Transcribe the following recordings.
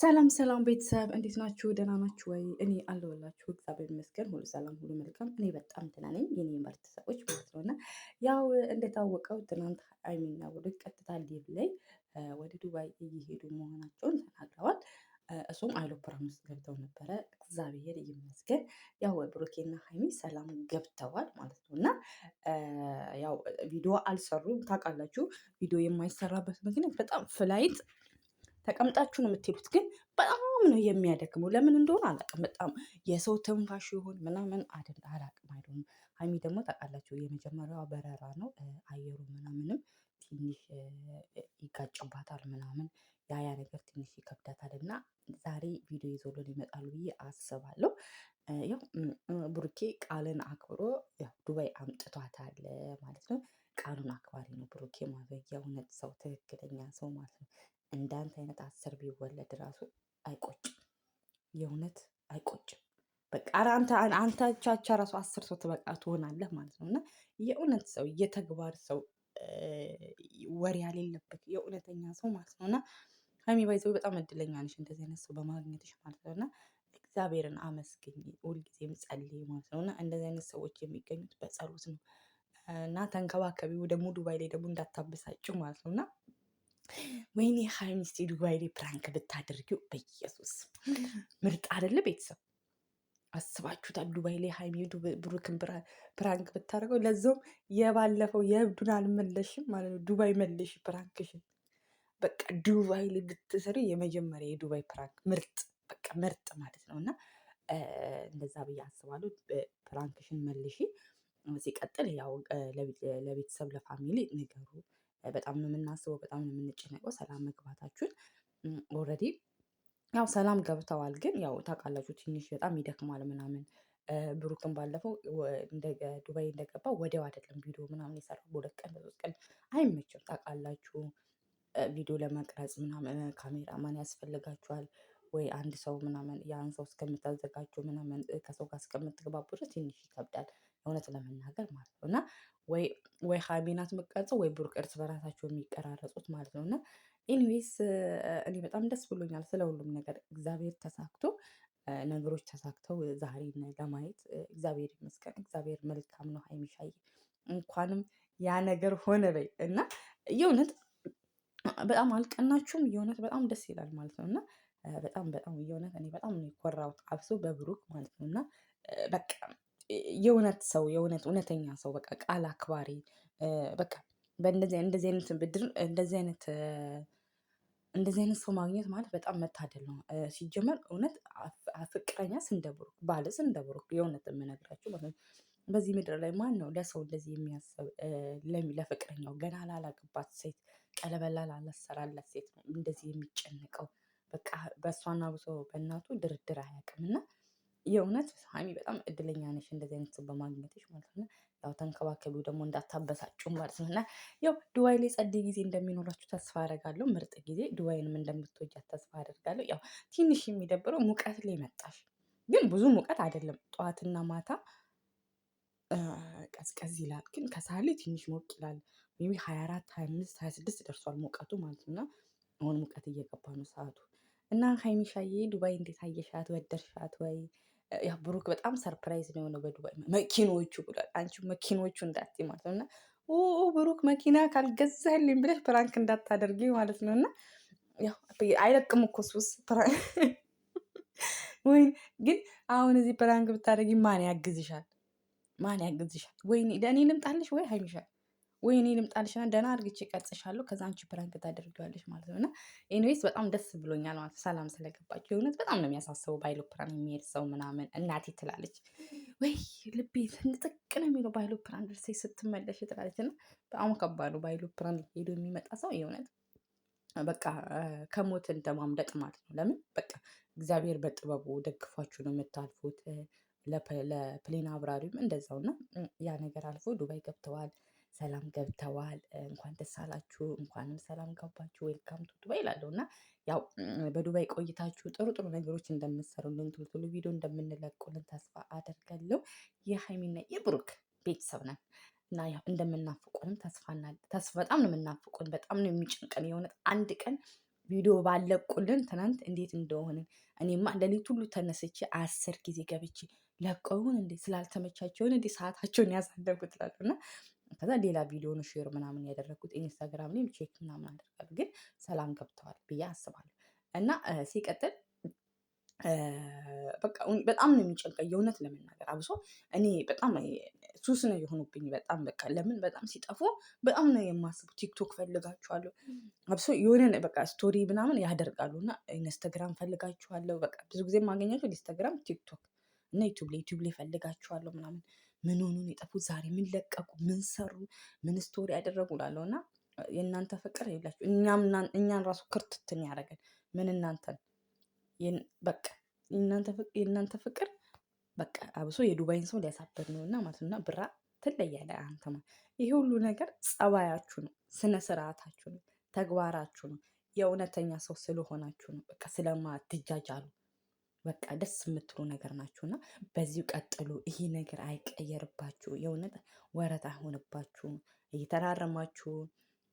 ሰላም ሰላም ቤተሰብ እንዴት ናችሁ? ደህና ናችሁ ወይ? እኔ አለሁላችሁ እግዚአብሔር ይመስገን፣ ሁሉ ሰላም፣ ሁሉ መልካም። እኔ በጣም ደህና ነኝ የኔ ምርጥ ሰዎች ማለት ነው። እና ያው እንደታወቀው ትናንት ሀይሚና ብሩክ ቀጥታ ሊቭ ላይ ወደ ዱባይ እየሄዱ መሆናቸውን ተናግረዋል። እሱም አይሎፕራን ውስጥ ገብተው ነበረ። እግዚአብሔር ይመስገን ያው ብሩኬና ሀይሚ ሰላም ገብተዋል ማለት ነው እና ያው ቪዲዮ አልሰሩም። ታውቃላችሁ ቪዲዮ የማይሰራበት ምክንያት በጣም ፍላይት ተቀምጣችሁ ነው የምትሄዱት። ግን በጣም ነው የሚያደክመው። ለምን እንደሆነ አላውቅም። በጣም የሰው ትንፋሽ ይሆን ምናምን አደል አላውቅም። አይደለም ሀይሚ ደግሞ ታውቃላችሁ፣ የመጀመሪያዋ በረራ ነው አየሩ ምናምንም ትንሽ ይጋጭባታል ምናምን ያያ ነገር ትንሽ ይከብዳታል እና ዛሬ ቪዲዮ ይዞልን ይመጣሉ ብዬ አስባለሁ። ያው ብሩኬ ቃልን አክብሮ ዱባይ አምጥቷታል ማለት ነው። ቃሉን አክባሪ ነው ብሩኬ ማለት የእውነት ሰው ትክክለኛ ሰው ማለት ነው። እንዳንተ አይነት አስር ቢወለድ ራሱ አይቆጭም፣ የእውነት አይቆጭም። በቃ አንተ አንተ ቻቻ ራሱ አስር ሰው ትበቃ ትሆናለህ ማለት ነው። እና የእውነት ሰው የተግባር ሰው ወሬ ያሌለበት የእውነተኛ ሰው ማለት ነው። እና ሀይሚ ባይዘው በጣም እድለኛ ነሽ እንደዚህ አይነት ሰው በማግኘትሽ ማለት ነው። እና እግዚአብሔርን አመስግኝ ሁልጊዜም ጸልይ ማለት ነው። እና እንደዚህ አይነት ሰዎች የሚገኙት በጸሎት ነው። እና ተንከባከቢው ደግሞ ዱባይ ላይ ደግሞ እንዳታበሳጭው ማለት ነው እና ወይኔ ሀይሚ እስኪ ዱባይ ፕራንክ ብታደርጊው በኢየሱስ ምርጥ አደለ ቤተሰብ አስባችሁታል? ዱባይ ላይ ሀይሚ ብሩክን ፕራንክ ብታደርገው፣ ለዛውም የባለፈው የእብዱን አልመለሽም ማለት ነው። ዱባይ መለሽ ፕራንክሽን። በቃ ዱባይ ላይ ብትሰሪ የመጀመሪያ የዱባይ ፕራንክ ምርጥ፣ በቃ ምርጥ ማለት ነው። እና እንደዛ ብዬ አስባለሁ። ፕራንክሽን መልሽ። ሲቀጥል ያው ለቤተሰብ ለፋሚሊ ንገሩ። በጣም ነው የምናስበው፣ በጣም ነው የምንጨነቀው። ሰላም መግባታችሁን ኦልሬዲ ያው ሰላም ገብተዋል፣ ግን ያው ታውቃላችሁ ትንሽ በጣም ይደክማል ምናምን ብሩክን ባለፈው ዱባይ እንደገባ ወዲያው አይደለም ቪዲዮ ምናምን የሰራው በሁለት ቀን በሶስት ቀን አይመችም፣ ታውቃላችሁ ቪዲዮ ለመቅረጽ ምናምን ካሜራማን ያስፈልጋችኋል ወይ አንድ ሰው ምናምን ያን ሰው እስከምታዘጋጁ ምናምን ከሰው ጋር እስከምትግባቡ ድረስ ትንሽ ይከብዳል። እውነት ለመናገር ማለት ነው። እና ወይ ወይ ሀቢ ወይ ብሩክ እርስ በራሳቸው የሚቀራረጹት ማለት ነው። እና ኢኒዌይስ እኔ በጣም ደስ ብሎኛል ስለ ሁሉም ነገር እግዚአብሔር ተሳክቶ ነገሮች ተሳክተው ዛሬ ለማየት እግዚአብሔር ይመስገን። እግዚአብሔር መልካም ነው። ሀይሚሻዬ እንኳንም ያ ነገር ሆነ በይ እና የእውነት በጣም አልቀናችሁም? የእውነት በጣም ደስ ይላል ማለት ነው እና በጣም በጣም የእውነት እኔ በጣም ነው የኮራሁት አብሶ በብሩክ ማለት ነው እና በቃ የእውነት ሰው የእውነት እውነተኛ ሰው በቃ ቃል አክባሪ በቃ በእንደዚህ እንደዚህ አይነት ብድር እንደዚህ አይነት እንደዚህ አይነት ሰው ማግኘት ማለት በጣም መታደል ነው። ሲጀመር እውነት ፍቅረኛ ስንደብሩ ባለ ስንደብሩ የእውነት የምነግራችሁ ማለት ነው። በዚህ ምድር ላይ ማን ነው ለሰው እንደዚህ የሚያስብ ለፍቅረኛው ገና ላላገባት ሴት ቀለበላ ላላሰራላት ሴት ነው እንደዚህ የሚጨነቀው? በቃ በእሷና ብሶ በእናቱ ድርድር አያውቅም እና የእውነት ሀይሚ በጣም እድለኛ ነሽ እንደዚህ አይነት ሰው በማግኘትሽ ማለት ነው። ያው ተንከባከቢው ደግሞ እንዳታበሳጩ ማለት ነው። እና ያው ድዋይ ላይ ጸዴ ጊዜ እንደሚኖራችሁ ተስፋ አደርጋለሁ። ምርጥ ጊዜ ድዋይንም እንደምትወጃት ተስፋ አደርጋለሁ። ያው ትንሽ የሚደብረው ሙቀት ላይ መጣሽ፣ ግን ብዙ ሙቀት አይደለም። ጠዋትና ማታ ቀዝቀዝ ይላል፣ ግን ላይ ትንሽ ሞቅ ይላል። ሜይ ቢ ሀያ አራት ሀያ አምስት ሀያ ስድስት ደርሷል ሙቀቱ ማለት ነው። አሁን ሙቀት እየገባ ነው ሰዓቱ። እና ሀይሚሻዬ ዱባይ እንዴት አየሻት? ወደድሻት ወይ? ያ ብሩክ በጣም ሰርፕራይዝ ነው የሆነው በዱባይ መኪኖቹ ብሏል። አንቺ መኪኖቹ እንዳትዪ ማለት ነው እና ብሩክ መኪና ካልገዛልኝ ብለሽ ፕራንክ እንዳታደርጊ ማለት ነው እና አይለቅም እኮ ሱስ ወይ ግን አሁን እዚህ ፕራንክ ብታደርጊ ማን ያግዝሻል? ማን ያግዝሻል? ወይ እኔ ልምጣልሽ ወይ ሀይሚሻል ወይ እኔ ልምጣልሽና ደህና አድርግቼ ቀጽሻለሁ፣ ከዛ አንቺ ፕራንክ ታደርጊዋለሽ ማለት ነው። እና ኤኒዌይስ በጣም ደስ ብሎኛል ማለት ሰላም ስለገባችሁ የእውነት በጣም ነው የሚያሳስበው። በአይሎፕራን የሚሄድ ሰው ምናምን እናቴ ትላለች ወይ ልቤ ንጥቅ ነው የሚለው በአይሎፕራን ደርሰ ስትመለሽ ትላለች። እና በጣም ከባድ ነው በአይሎፕራን ሄዶ የሚመጣ ሰው የእውነት በቃ ከሞት እንደማምለጥ ማለት ነው። ለምን በቃ እግዚአብሔር በጥበቡ ደግፏችሁ ነው የምታልፉት። ለፕሌን አብራሪም እንደዛው እንደዛውና ያ ነገር አልፎ ዱባይ ገብተዋል። ሰላም ገብተዋል፣ እንኳን ደስ አላችሁ፣ እንኳንም ሰላም ገባችሁ፣ ዌልካም ቱ ዱባይ ይላለሁ እና ያው በዱባይ ቆይታችሁ ጥሩ ጥሩ ነገሮች እንደምትሰሩልን ቶሎ ቶሎ ቪዲዮ እንደምንለቁልን ተስፋ አደርጋለሁ። የሀይሚና የብሩክ ቤተሰብ ነን እና ያው እንደምናፍቁንም ተስፋ ተስፋ በጣም ነው የምናፍቁን። በጣም ነው የሚጭንቀን። የሆነት አንድ ቀን ቪዲዮ ባለቁልን ትናንት እንዴት እንደሆነ እኔማ ለሊት ሁሉ ተነስቼ አስር ጊዜ ገብቼ ለቀውን እንዴ ስላልተመቻቸውን እንዴ ሰዓታቸውን ያሳለፉት ላሉ እና ከዛ ሌላ ቪዲዮን ሼር ምናምን ያደረግኩት ኢንስታግራም ላይም ቼክ ምናምን አደርጋለሁ። ግን ሰላም ገብተዋል ብዬ አስባለሁ። እና ሲቀጥል በቃ በጣም ነው የሚጨንቀኝ የእውነት ለመናገር አብሶ እኔ በጣም ሱስ ነው የሆኑብኝ። በጣም በቃ ለምን በጣም ሲጠፉ በጣም ነው የማስቡ። ቲክቶክ ፈልጋችኋለሁ፣ አብሶ የሆነ በቃ ስቶሪ ምናምን ያደርጋሉ እና ኢንስተግራም ፈልጋችኋለሁ። በቃ ብዙ ጊዜ የማገኛቸው ኢንስተግራም፣ ቲክቶክ እና ዩቱብ ላይ ዩቱብ ላይ ፈልጋችኋለሁ ምናምን ምን ሆኑ ነው የጠፉት? ዛሬ ምን ለቀቁ? ምን ሰሩ? ምን ስቶሪ ያደረጉ እላለሁ እና የእናንተ ፍቅር የላችሁ እኛን ራሱ ክርትትን ያደረገን ምን እናንተን በቃ የእናንተ ፍቅር በቃ አብሶ የዱባይን ሰው ሊያሳበድ ነው እና ማለት እና ብራ ትለያለህ አንተ ማለት ይህ ሁሉ ነገር ጸባያችሁ ነው፣ ስነ ስርዓታችሁ ነው፣ ተግባራችሁ ነው። የእውነተኛ ሰው ስለሆናችሁ ነው። በቃ ስለማትጃጃሉ በቃ ደስ የምትሉ ነገር ናችሁ እና በዚሁ ቀጥሉ። ይህ ነገር አይቀየርባችሁ። የእውነት ወረታ አይሆንባችሁ። እየተራረማችሁ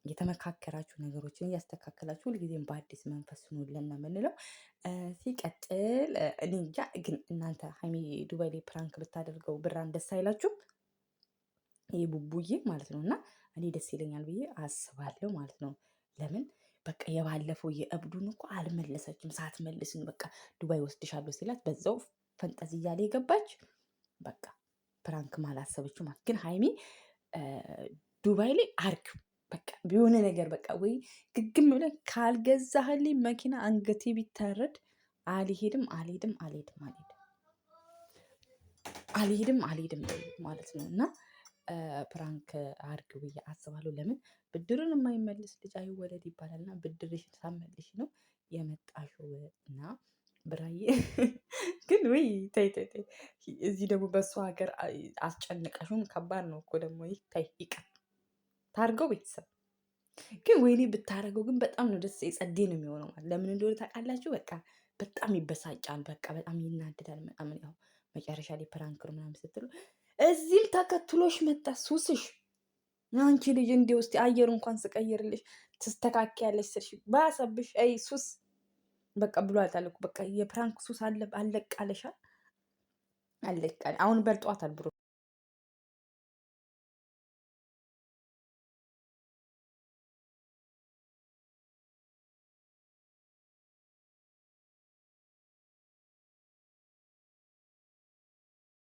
የተመካከራችሁ ነገሮችን እያስተካከላችሁ ሁልጊዜም በአዲስ መንፈስ ኑልን ነው የምንለው። ሲቀጥል እኔ እንጃ ግን እናንተ ሀይሚ ዱባይ ላይ ፕራንክ ብታደርገው ብራን ደስ አይላችሁም? ይህ ቡቡዬ ማለት ነው እና እኔ ደስ ይለኛል ብዬ አስባለሁ ማለት ነው ለምን በቃ የባለፈው የእብዱን እኮ አልመለሰችም። ሳትመልስን በቃ ዱባይ ወስድሻለሁ ሲላት በዛው ፈንጠዝ እያለ የገባች በቃ ፕራንክ ማላሰበች ማለት ግን ሀይሚ ዱባይ ላይ አርግ በቃ የሆነ ነገር በቃ ወይ ግግም ብለን ካልገዛህልኝ መኪና አንገቴ ቢታረድ አልሄድም አልሄድም አልሄድም አልሄድም አልሄድም አልሄድም ማለት ነው እና ፕራንክ አድርጊው ብዬ አስባለሁ። ለምን ብድሩን የማይመልስ ልጅ አይወለድ ይባላል እና ብድርሽን ሳትመልሺ ነው የመጣሽው እና ብራዬ ግን ወይ ተይ ተይ ተይ። እዚህ ደግሞ በእሱ ሀገር አስጨንቀሹም ከባድ ነው እኮ ደግሞ ይህ ተይ ይቀር ታርገው ቤተሰብ ግን ወይኔ ብታረገው ግን በጣም ነው ደስ የጸዴ ነው የሚሆነው። ማለት ለምን እንደሆነ ታውቃላችሁ? በቃ በጣም ይበሳጫል። በቃ በጣም ይናደዳል ምናምን ያው መጨረሻ ላይ ፕራንክሩ ምናምን ስትሉ እዚል ተከትሎሽ መጣ ሱስሽ። አንቺ ልጅ እንዲ ውስጥ አየር እንኳን ስቀይርልሽ ትስተካከያለሽ ስልሽ ባሰብሽ። አይ ሱስ በቃ ብሎ አልታለኩ። በቃ የፕራንክ ሱስ አለ አለቃለሻል አለቃ አሁን በልጧታል ብሮ